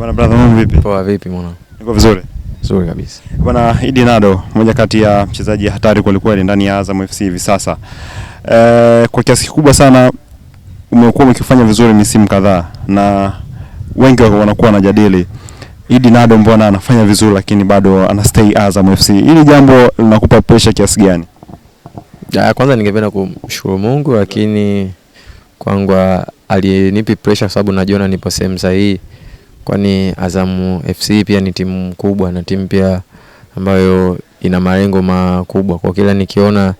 Bwana brother mambo vipi? Poa vipi mwana? Niko vizuri. Vizuri kabisa. Bwana Idi Nado, mmoja kati ya mchezaji hatari kwa kweli ndani ya Azam FC hivi sasa. E, kwa kiasi kikubwa sana umekuwa ukifanya vizuri misimu kadhaa na wengi wanakuwa wanajadili Idi Nado mbona anafanya vizuri lakini bado ana stay Azam FC. Hili jambo linakupa pressure kiasi gani? Ya, kwanza ningependa kumshukuru Mungu lakini kwangu alinipi pressure sababu najiona nipo sehemu sahihi kwani Azam FC pia ni timu kubwa na timu pia ambayo ina malengo makubwa. Kwa kila nikiona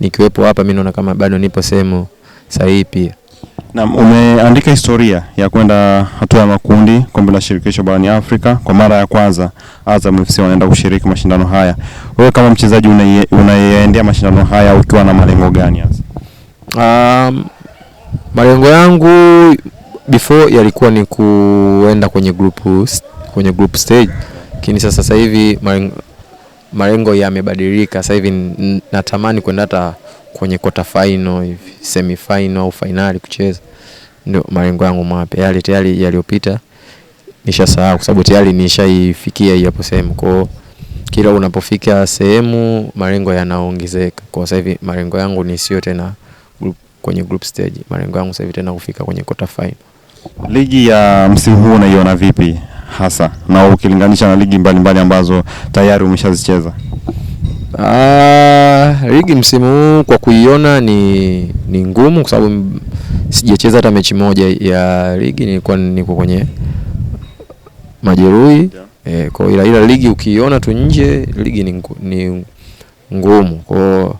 nikiwepo hapa, mimi naona kama bado nipo sehemu sahihi pia. Na umeandika historia ya kwenda hatua ya makundi kombe la shirikisho barani Afrika. Kwa mara ya kwanza Azam FC wanaenda kushiriki mashindano haya. Wewe kama mchezaji unayeendea mashindano haya ukiwa na malengo gani hasa? Um, malengo yangu before yalikuwa ni kuenda kwenye group, kwenye group stage, lakini sasa sasa hivi malengo yamebadilika. Sasa hivi natamani kwenda hata kwenye quarter final hivi, semi final au finali kucheza, ndio malengo yangu mapya. Yale tayari yaliyopita nishasahau, kwa sababu tayari nishaifikia hapo sehemu. Kwa kila unapofika sehemu malengo yanaongezeka. Kwa sasa hivi malengo yangu ni sio tena kwenye group stage. Malengo yangu sasa hivi tena kufika kwenye quarter final. Ligi ya msimu huu unaiona vipi hasa na ukilinganisha na ligi mbalimbali mbali ambazo tayari umeshazicheza? Ah, ligi msimu huu kwa kuiona ni, ni ngumu kwa sababu sijacheza hata mechi moja ya ligi, nilikuwa niko kwenye majeruhi yeah. E, kwa ila, ila ligi ukiiona tu nje ligi ni, ni ngumu kwao,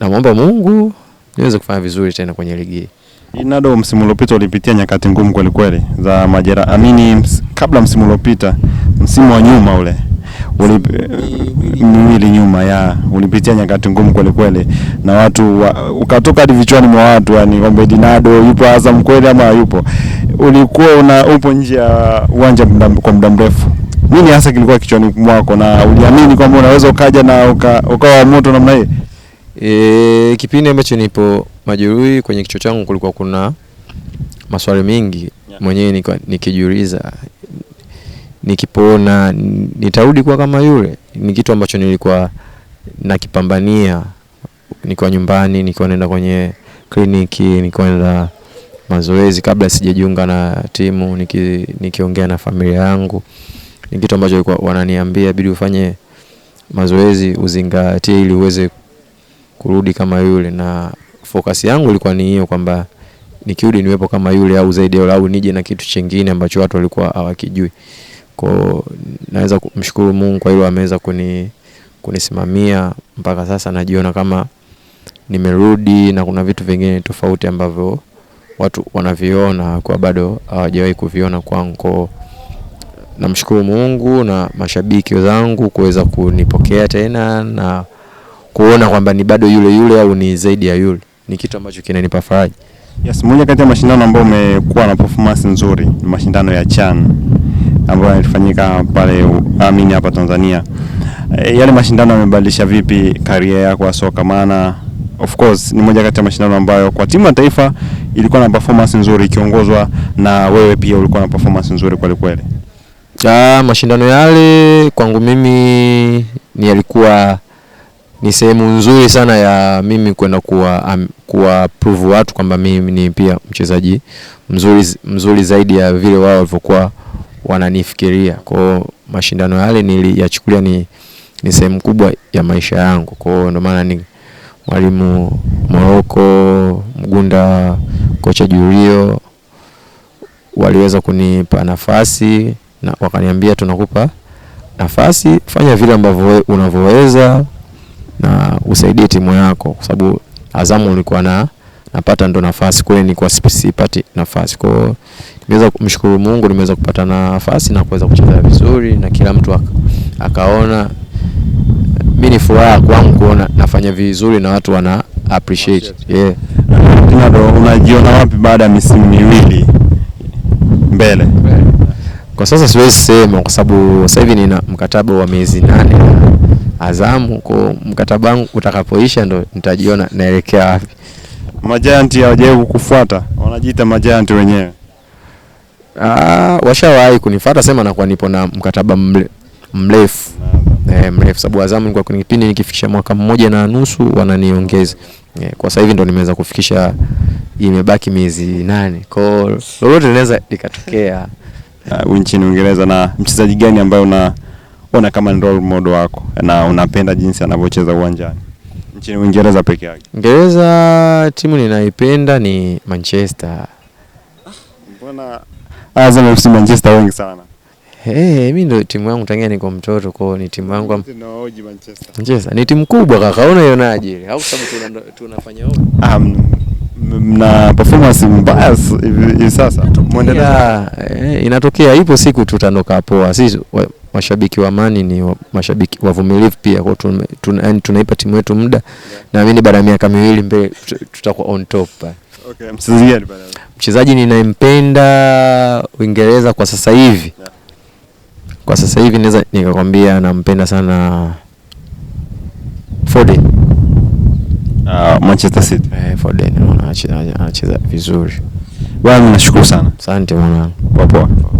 namwomba Mungu niweze kufanya vizuri tena kwenye ligi hii. Inado msimu uliopita ulipitia nyakati ngumu kweli kweli za majeraha. Amini ms, kabla msimu uliopita, msimu wa nyuma ule eh, miwili nyuma ya ulipitia nyakati ngumu kweli kweli, na watu wa, ukatoka hadi vichwani mwa watu yani kwamba Dinado yupo Azam kweli ama yupo. Ulikuwa una upo nje ya uwanja kwa muda mrefu, nini hasa kilikuwa kichwani mwako na uliamini kwamba unaweza ukaja na ukawa uka moto namna hii? E, kipindi ambacho nipo majeruhi kwenye kichwa changu kulikuwa kuna maswali mengi mwenyewe nikijiuliza, nikipona nitarudi kuwa kama yule. Ni kitu ambacho nilikuwa nakipambania nikiwa nyumbani, nikiwa naenda kwenye kliniki, nikiwa naenda mazoezi kabla sijajiunga na timu, nikiongea niki na familia yangu. Ni kitu ambacho wananiambia bidi ufanye mazoezi, uzingatie ili uweze kurudi kama yule na fokasi yangu ilikuwa ni hiyo kwamba nikirudi niwepo kama yule au zaidi yule au nije na kitu chingine ambacho watu walikuwa hawakijui. Kwa naweza kumshukuru Mungu kwa hilo, ameweza kuni kunisimamia mpaka sasa, najiona kama nimerudi na kuna vitu vingine tofauti ambavyo watu wanaviona kwa bado hawajawahi kuviona kwangu. Namshukuru Mungu na mashabiki wangu kuweza kunipokea tena na kuona kwamba ni bado yule yule au ni zaidi ya yule ni kitu ambacho kinanipa faraja. Yes, moja kati ya mashindano ambayo umekuwa na performance nzuri ni mashindano ya CHAN ambayo yalifanyika pale Amini hapa Tanzania. E, yale mashindano yamebadilisha vipi career yako ya soka? Maana of course ni moja kati ya mashindano ambayo kwa timu ya taifa ilikuwa na performance nzuri ikiongozwa na wewe, pia ulikuwa na performance nzuri kweli kweli. Ah, mashindano yale kwangu mimi ni yalikuwa ni sehemu nzuri sana ya mimi kwenda kuwa um, kuwa prove watu kwamba mimi ni pia mchezaji mzuri, mzuri zaidi ya vile wao walivyokuwa wananifikiria. hiyo mashindano yale niliyachukulia ni, ni sehemu kubwa ya maisha yangu. hiyo ndio maana ni mwalimu Moroko Mgunda, kocha Julio waliweza kunipa nafasi na wakaniambia tunakupa nafasi, fanya vile ambavyo unavyoweza na usaidie timu yako, kwa sababu Azamu ulikuwa na napata ndo nafasi kule, kwa sipati nafasi. Kwa hiyo nimeweza kumshukuru Mungu, nimeweza kupata nafasi na kuweza kucheza vizuri na kila mtu akaona. Mimi ni furaha kwangu kuona nafanya vizuri na watu wana appreciate yeah. Unajiona wapi baada ya misimu miwili mbele? Kwa sasa siwezi sema, kwa sababu sasa hivi nina mkataba wa miezi nane Azamu. Kwa mkataba wangu utakapoisha, ndo nitajiona naelekea wapi. Majanti hawajawahi kukufuata, wanajiita majanti wenyewe? Ah, washawahi kunifuata, sema nakuwa nipo na mkataba mle, mrefu eh, mrefu sababu Azamu nilikuwa kwenye kipindi nikifikisha mwaka mmoja na nusu wananiongeza. Eh, kwa sasa hivi ndo nimeweza kufikisha, imebaki miezi nane, kwa lolote linaweza likatokea. Uh, nchini Uingereza. Na mchezaji gani ambaye una una kama ni role model wako na unapenda jinsi anavyocheza uwanjani nchini Uingereza peke yake? Uingereza timu ninaipenda ni Manchester. Mbona Azam FC Manchester wengi sana? Hey, eh, mi ndo timu yangu tangia niko mtoto kwao, ni timu yangu Manchester. Manchester ni timu kubwa kaka, unaionaje? Au sababu tuna, tunafanya um, mna performance mbaya hivi sasa, muendelea. Eh, inatokea, ipo siku tutanoka poa sisi mashabiki wa Amani ni mashabiki wavumilivu pia, kwa tun, tun, tunaipa timu yetu muda, naamini baada ya miaka miwili mbele tutakuwa on top. Okay, mchezaji mchezaji ninayempenda Uingereza kwa sasa hivi, kwa sasa hivi naweza nikakwambia nampenda sana Foden. Uh, Manchester City. Eh, Foden anacheza vizuri. Bwana, nashukuru sana. Asante mwanangu. Poa poa.